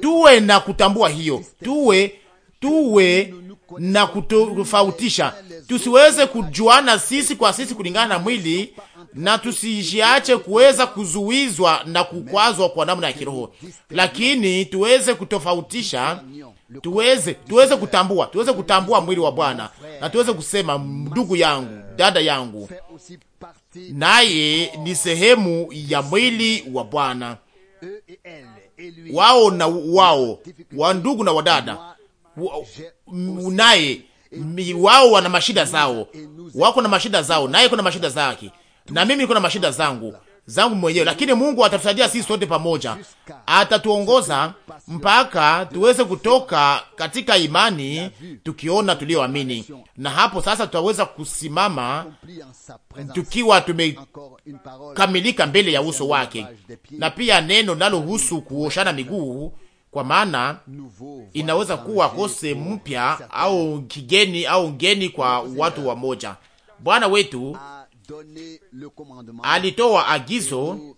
tuwe na kutambua hiyo, tuwe tuwe na kutofautisha, tusiweze kujuana sisi kwa sisi kulingana na mwili, na tusijiache kuweza kuzuizwa na kukwazwa kwa namna ya kiroho, lakini tuweze kutofautisha, tuweze tuweze kutambua, tuweze kutambua mwili wa Bwana na tuweze kusema ndugu yangu, dada yangu, naye ni sehemu ya mwili wa Bwana. E, e, wao na wao wa ndugu na wadada, naye wao wana mashida zao, wako na mashida zao, naye kuna mashida zake, na mimi niko na mashida zangu zangu mwenyewe, lakini Mungu atatusaidia sisi sote pamoja, atatuongoza mpaka tuweze kutoka katika imani tukiona tulioamini, na hapo sasa tutaweza kusimama tukiwa tumekamilika mbele ya uso wake. Na pia neno linalohusu kuoshana miguu, kwa maana inaweza kuwa kose mpya au kigeni au ngeni kwa watu wa moja. Bwana wetu alitoa agizo,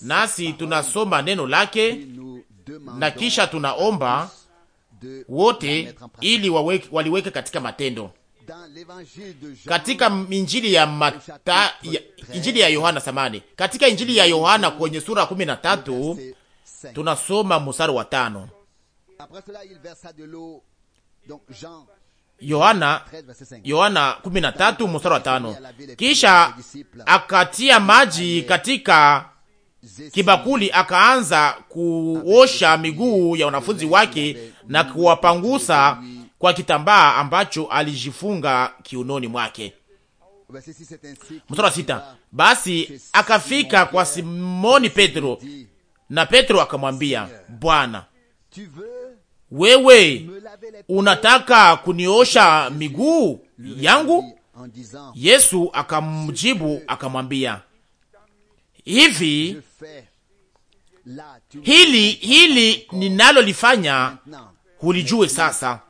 nasi tunasoma neno lake na kisha tunaomba wote ili waweke, waliweke katika matendo. Katika injili ya Mata, ya, injili ya Yohana samani, katika injili ya Yohana kwenye sura kumi na tatu tunasoma mstari wa tano Yohana, Yohana 13 mstari wa 5. Kisha akatia maji katika kibakuli akaanza kuosha miguu ya wanafunzi wake na kuwapangusa kwa kitambaa ambacho alijifunga kiunoni mwake. Mstari wa sita. Basi akafika kwa Simoni Petro na Petro akamwambia, Bwana, wewe unataka kuniosha miguu yangu? Yesu akamjibu akamwambia hivi, hili hili ninalolifanya hulijue sasa,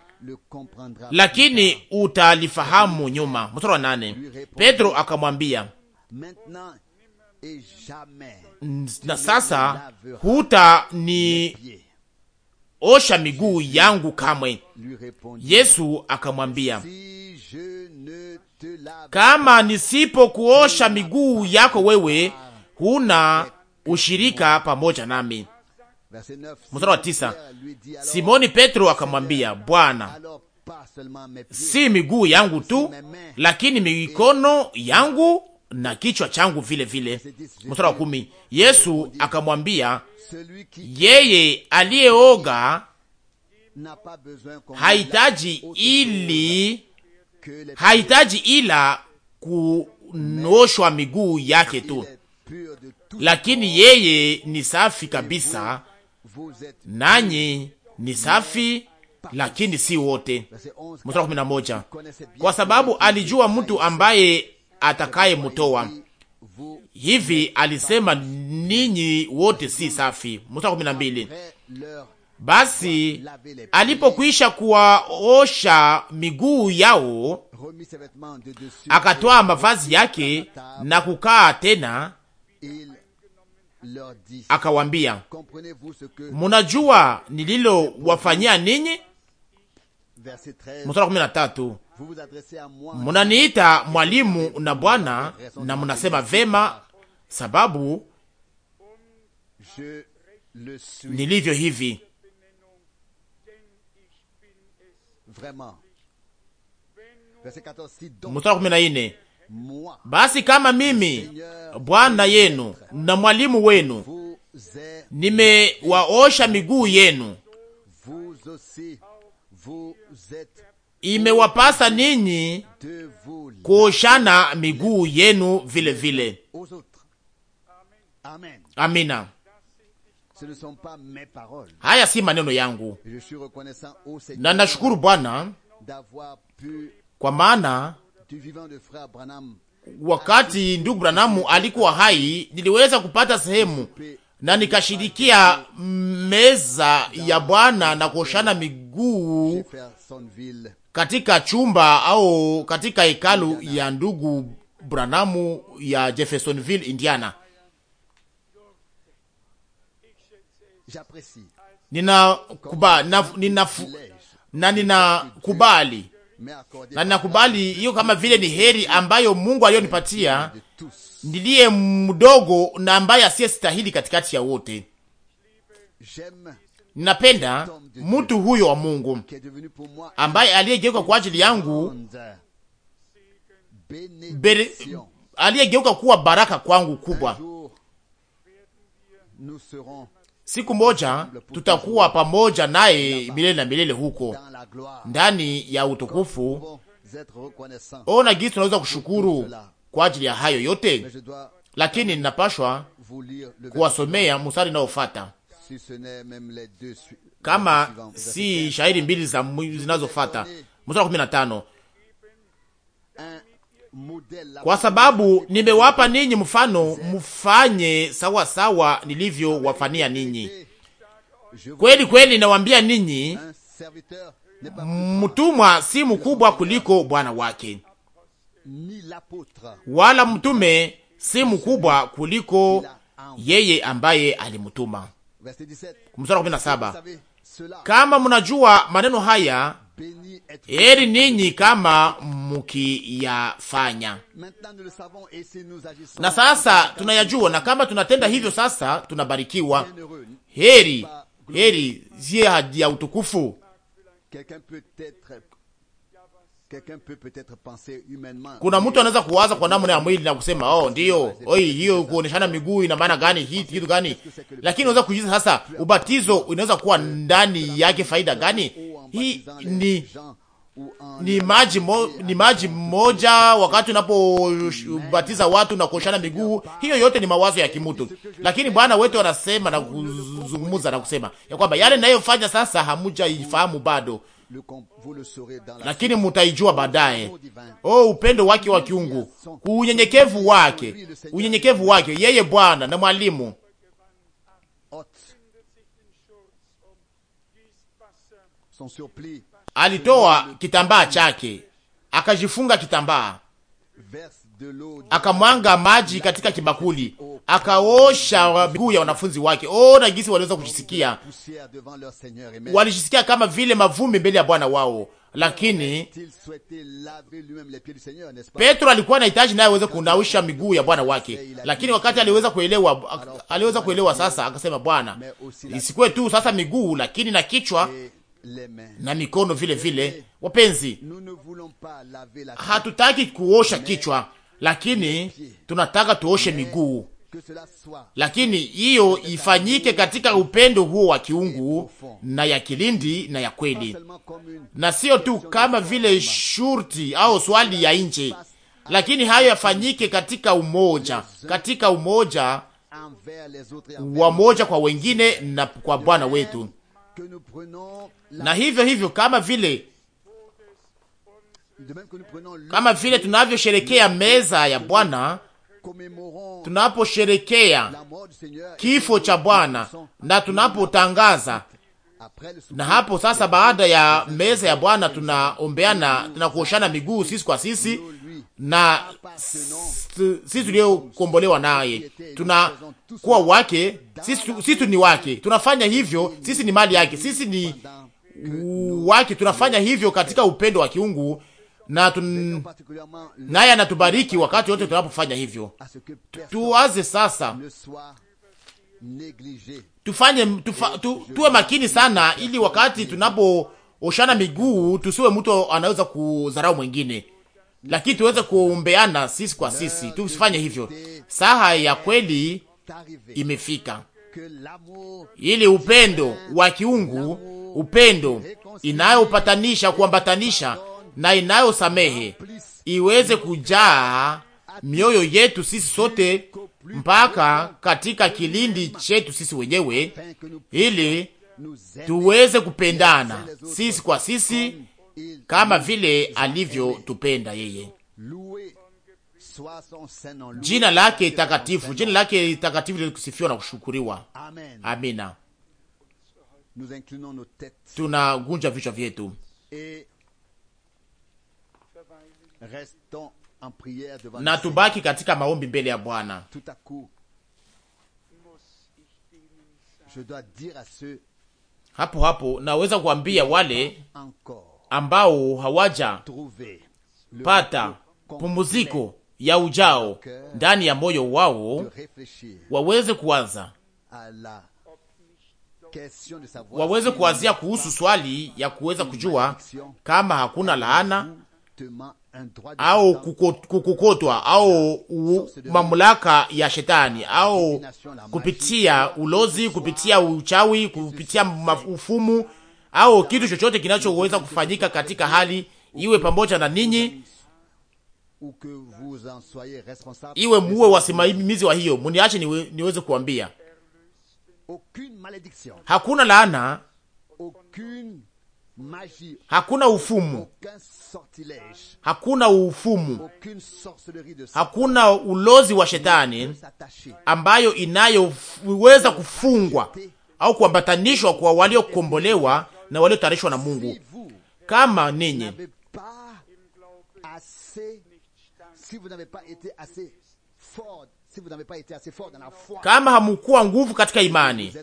lakini utalifahamu nyuma. Mstari wa nane, Petro akamwambia na sasa huta ni osha miguu yangu kamwe. Yesu akamwambia, kama nisipokuosha miguu yako wewe huna ushirika pamoja nami. Mstari wa tisa, Simoni Petro akamwambia, Bwana, si miguu yangu tu, lakini mikono yangu na kichwa changu vile vile. Mstari wa kumi, Yesu akamwambia yeye aliyeoga hahitaji ili hahitaji ila kunoshwa miguu yake tu, lakini yeye ni safi kabisa, nanyi ni safi lakini si wote. Mstari kumi na moja, kwa sababu alijua mtu ambaye atakaye mutoa hivi alisema, ninyi wote si safi. Mstari kumi na mbili. Basi alipokwisha kuwaosha miguu yao, akatoa mavazi yake na kukaa tena, akawambia, munajua wafanyia ninyi? Mstari kumi na tatu. Munaniita mwalimu na Bwana na munasema vema, sababu nilivyo hivi mstari kumi na nne basi kama mimi Bwana yenu na mwalimu wenu nimewaosha miguu yenu, imewapasa ninyi kuoshana miguu yenu vile vile. Amina. Haya si maneno yangu, na nashukuru Bwana kwa maana wakati ndugu Branamu alikuwa hai niliweza kupata sehemu na nikashirikia meza ya Bwana na kuoshana miguu katika chumba au katika hekalu ya ndugu Branamu ya Jeffersonville, Indiana. na ninakubali na ninakubali na hiyo, kama vile ni heri ambayo Mungu aliyonipatia niliye mdogo na ambaye stahili katikati ya wote. Ninapenda mtu huyo wa Mungu ambaye aliyegeuka kwa ajili yangu, aliyegeuka kuwa baraka kwangu kubwa siku moja tutakuwa pamoja naye milele na milele huko ndani ya utukufu. Ona gisi tunaweza kushukuru kwa ajili ya hayo yote, lakini ninapashwa kuwasomea musari unaofuata kama si shahiri mbili zinazofata musari wa 15 kwa sababu nimewapa ninyi mfano mfanye sawa sawa nilivyowafania ninyi. Kweli kweli nawambia ninyi, mtumwa si mkubwa kuliko bwana wake, wala mtume si mkubwa kuliko yeye ambaye alimtuma. Mstari wa kumi na saba, kama mnajua maneno haya Heri ninyi kama mukiyafanya. Na sasa tunayajua, na kama tunatenda hivyo sasa tunabarikiwa. Heri, heri ziye haji ya utukufu. Kuna mtu anaweza kuwaza kwa namna ya mwili na kusema oh, ndio oi, hiyo kuoneshana miguu ina maana gani? Hii kitu gani? Lakini unaweza kujiuliza sasa, ubatizo unaweza kuwa ndani yake faida gani? hii ni ni maji mo, ni maji moja wakati unapobatiza watu na kuoshana miguu, hiyo yote ni mawazo ya kimutu. Lakini Bwana wetu anasema na kuzungumza na kusema ya kwamba yale nayofanya sasa hamujaifahamu bado, lakini mutaijua baadaye. Oh, upendo wake wa kiungu, unyenyekevu wake, unyenyekevu wake yeye Bwana na mwalimu alitoa kitambaa chake akajifunga kitambaa, akamwanga maji katika kibakuli, akaosha miguu ya wanafunzi wake. Oh, na gisi waliweza kujisikia, walijisikia kama vile mavumbi mbele ya Bwana wao. Lakini Petro alikuwa anahitaji naye aweze kunawisha miguu ya Bwana wake, lakini wakati aliweza kuelewa, aliweza kuelewa sasa, akasema Bwana, isikuwe tu sasa miguu, lakini na kichwa na mikono vile vile. Wapenzi, hatutaki kuosha kichwa, lakini tunataka tuoshe miguu, lakini hiyo ifanyike katika upendo huo wa kiungu na ya kilindi na ya kweli, na sio tu kama vile shurti au swali ya nje, lakini hayo yafanyike katika umoja, katika umoja wa moja kwa wengine na kwa Bwana wetu na hivyo hivyo, kama vile kama vile tunavyosherekea meza ya Bwana, tunaposherekea kifo cha Bwana na tunapotangaza na hapo sasa, baada ya meza ya Bwana tunaombeana, tunakuoshana miguu sisi kwa sisi na sisi tuliokombolewa naye tunakuwa wake, sisi ni wake, tunafanya hivyo, sisi ni mali yake, sisi ni wake, tunafanya hivyo katika upendo wa kiungu na tun... naye anatubariki wakati wote tunapofanya hivyo. Tuwaze sasa tufanye tufa, tu, tuwe makini sana, ili wakati tunapooshana miguu tusiwe mtu anaweza kudharau mwingine lakini tuweze kuombeana sisi kwa sisi, tusifanye hivyo. Saha ya kweli imefika, ili upendo wa kiungu, upendo inayopatanisha, kuambatanisha na inayosamehe iweze kujaa mioyo yetu sisi sote mpaka katika kilindi chetu sisi wenyewe, ili tuweze kupendana sisi kwa sisi kama vile alivyotupenda yeye. Jina lake takatifu, jina lake takatifu lilikusifiwa na kushukuriwa. Amina. Tunagunja vichwa vyetu na tubaki katika maombi mbele ya Bwana. Hapo hapo naweza kuambia wale encore ambao hawaja pata pumuziko ya ujao ndani ya moyo wao waweze kuwaza waweze kuwazia kuhusu swali ya kuweza kujua kama hakuna laana au kukokotwa au u, mamlaka ya shetani au kupitia ulozi, kupitia uchawi, kupitia ufumu au kitu chochote kinachoweza kufanyika katika hali iwe, pamoja na ninyi iwe muwe wasimamizi wa hiyo. Muniache niwe, niweze kuambia hakuna laana, hakuna ufumu, hakuna ufumu, hakuna ulozi wa shetani ambayo inayoweza kufungwa au kuambatanishwa kwa waliokombolewa na waliotayarishwa na Mungu. Kama ninyi kama hamukuwa nguvu katika imani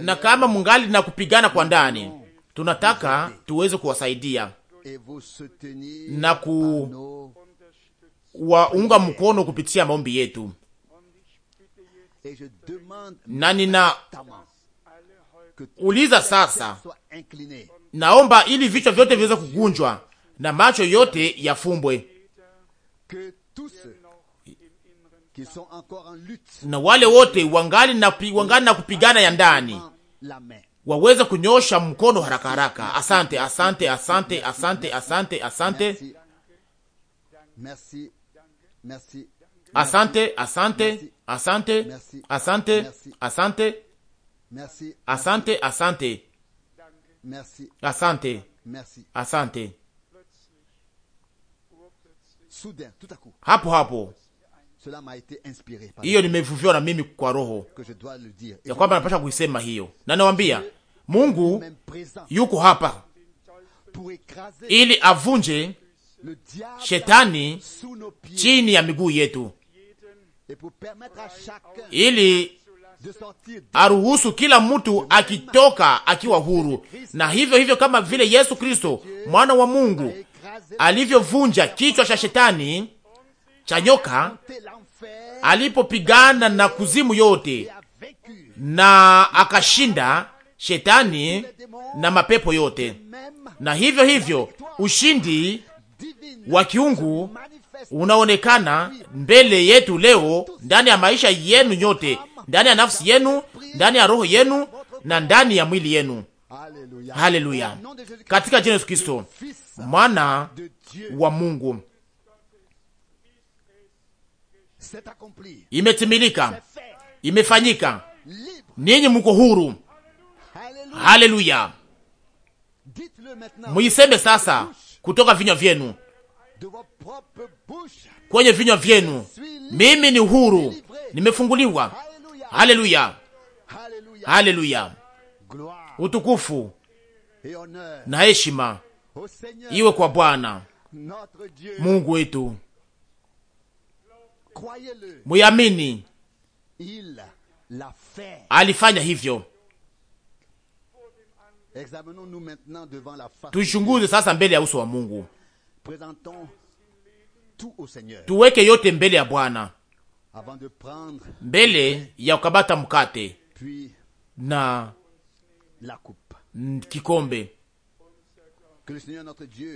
na kama mungali na kupigana kwa ndani, tunataka tuweze kuwasaidia na kuwaunga mkono kupitia maombi yetu, na nina uliza sasa, naomba ili vichwa vyote viweze kugunjwa na macho yote yafumbwe, na wale wote wangali na, wangali na kupigana ya ndani waweze kunyosha mkono haraka haraka. Asante, asante, asante, asante, asante, asante, asante, asante, asante, asante, asante Merci. Asante, asante, asante, asante. Hapo hapo hiyo nimevuviwa na mimi kwa roho ya kwamba napasha kuisema hiyo, na nawambia Mungu yuko hapa ili avunje shetani chini ya miguu yetu, ili aruhusu kila mtu akitoka akiwa huru. Na hivyo hivyo, kama vile Yesu Kristo mwana wa Mungu alivyovunja kichwa cha shetani cha nyoka, alipopigana na kuzimu yote na akashinda shetani na mapepo yote. Na hivyo hivyo ushindi wa kiungu unaonekana mbele yetu leo ndani ya maisha yenu nyote, ndani ya nafsi yenu, ndani ya roho yenu na ndani ya mwili yenu. Haleluya! Katika jina Yesu Kristo, mwana wa Mungu, imetimilika, imefanyika. Ninyi mko huru. Haleluya! Muiseme sasa kutoka vinywa vyenu, kwenye vinywa vyenu, mimi ni huru, nimefunguliwa Haleluya, haleluya! Utukufu na heshima iwe kwa Bwana Mungu wetu. Muyamini alifanya hivyo. Tuchunguze sasa mbele ya uso wa Mungu, tuweke yote mbele ya Bwana mbele ya kukabata mkate na kikombe.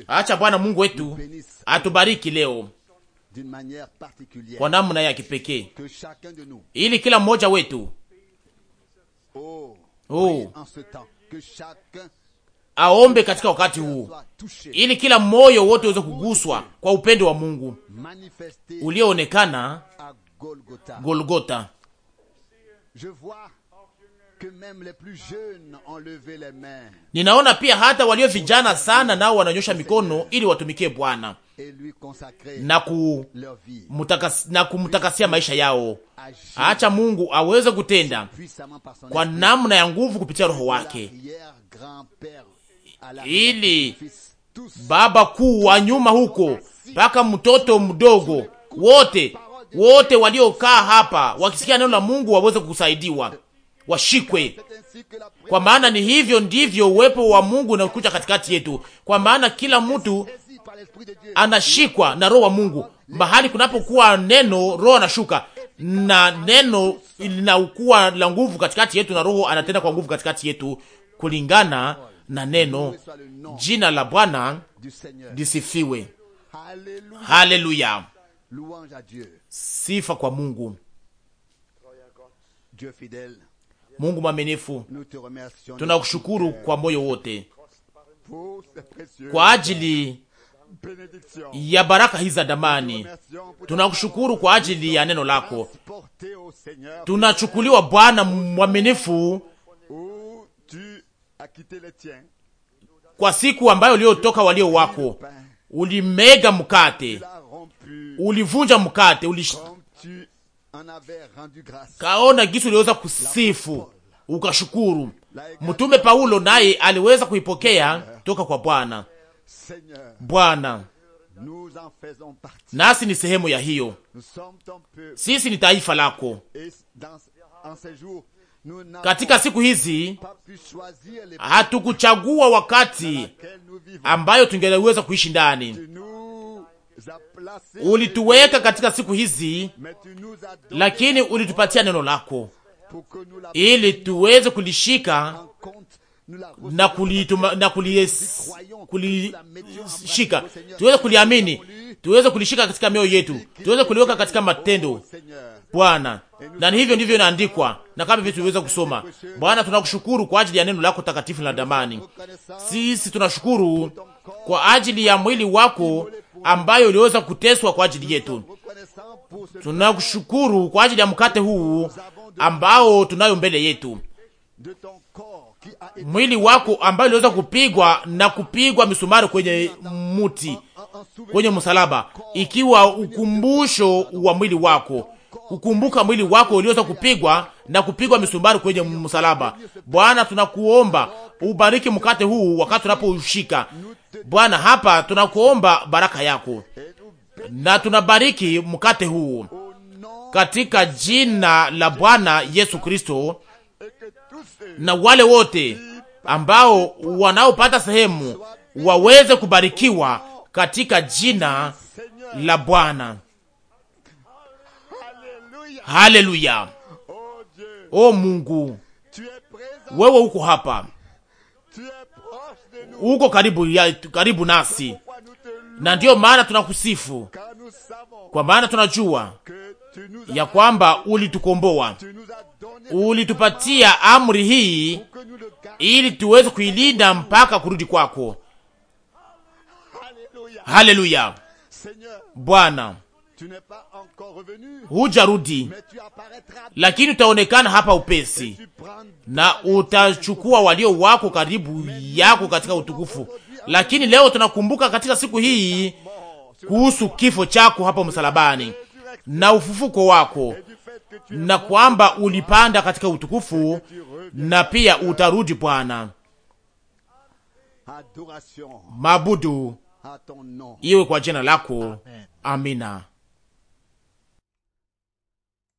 Acha Bwana Mungu wetu atubariki leo kwa namna ya kipekee, ili kila mmoja wetu oh, oh. aombe katika wakati huu, ili kila moyo wote uweze kuguswa kwa upendo wa Mungu ulioonekana Golgotha. Golgotha. Ninaona pia hata walio vijana sana nao wananyosha mikono ili watumikie Bwana na, ku, na kumtakasia maisha yao. Acha Mungu aweze kutenda kwa namna ya nguvu kupitia Roho wake ili baba kuu wa nyuma huko mpaka mtoto mdogo wote wote waliokaa hapa wakisikia neno la Mungu waweze kusaidiwa, washikwe, kwa maana ni hivyo ndivyo uwepo wa Mungu unakuja katikati yetu, kwa maana kila mtu anashikwa na roho wa Mungu. Mahali kunapokuwa neno, roho anashuka na neno linakuwa la nguvu katikati yetu, na roho anatenda kwa nguvu katikati yetu kulingana na neno. Jina la Bwana lisifiwe, haleluya. Sifa kwa Mungu. Mungu mwaminifu, tunakushukuru kwa moyo wote kwa ajili ya baraka hizi za damani. Tunakushukuru kwa ajili ya neno lako. Tunachukuliwa Bwana mwaminifu kwa siku ambayo uliotoka walio wako, ulimega mkate ulivunja mkate ulish... kaona gisi uliweza kusifu ukashukuru. Mtume Paulo naye aliweza kuipokea toka kwa Bwana. Bwana, nasi ni sehemu ya hiyo, sisi ni taifa lako. Katika siku hizi hatukuchagua wakati ambayo tungeweza kuishi ndani, ulituweka katika siku hizi, lakini ulitupatia neno lako ili tuweze kulishika na kulishika na kuli, tuweze kuliamini, tuweze kulishika katika mioyo yetu, tuweze kuliweka katika matendo Bwana. Na hivyo ndivyo inaandikwa na kama vile tuliweza kusoma. Bwana, tunakushukuru kwa ajili ya neno lako takatifu la damani. Sisi tunashukuru kwa ajili ya mwili wako ambayo iliweza kuteswa kwa ajili yetu. Tunakushukuru kwa ajili ya mkate huu ambao tunayo mbele yetu, mwili wako ambayo uliweza kupigwa na kupigwa misumari kwenye muti, kwenye msalaba, ikiwa ukumbusho wa mwili wako kukumbuka mwili wako uliweza kupigwa na kupigwa misumbari kwenye msalaba. Bwana, tunakuomba ubariki mkate huu wakati tunapoushika. Bwana, hapa tunakuomba baraka yako, na tunabariki mkate huu katika jina la Bwana Yesu Kristo, na wale wote ambao wanaopata sehemu waweze kubarikiwa katika jina la Bwana Haleluya! O Mungu, wewe uko hapa, uko karibu, ya, karibu nasi, na ndiyo maana tunakusifu kwa maana tunajua ya kwamba ulitukomboa, ulitupatia amri hii ili tuweze kuilinda mpaka kurudi kwako. Haleluya Bwana hujarudi, lakini utaonekana hapa upesi na utachukua walio wako karibu yako katika utukufu. Lakini leo tunakumbuka katika siku hii kuhusu kifo chako hapa msalabani na ufufuko wako, na kwamba ulipanda katika utukufu na pia utarudi. Bwana, mabudu iwe kwa jina lako. Amina.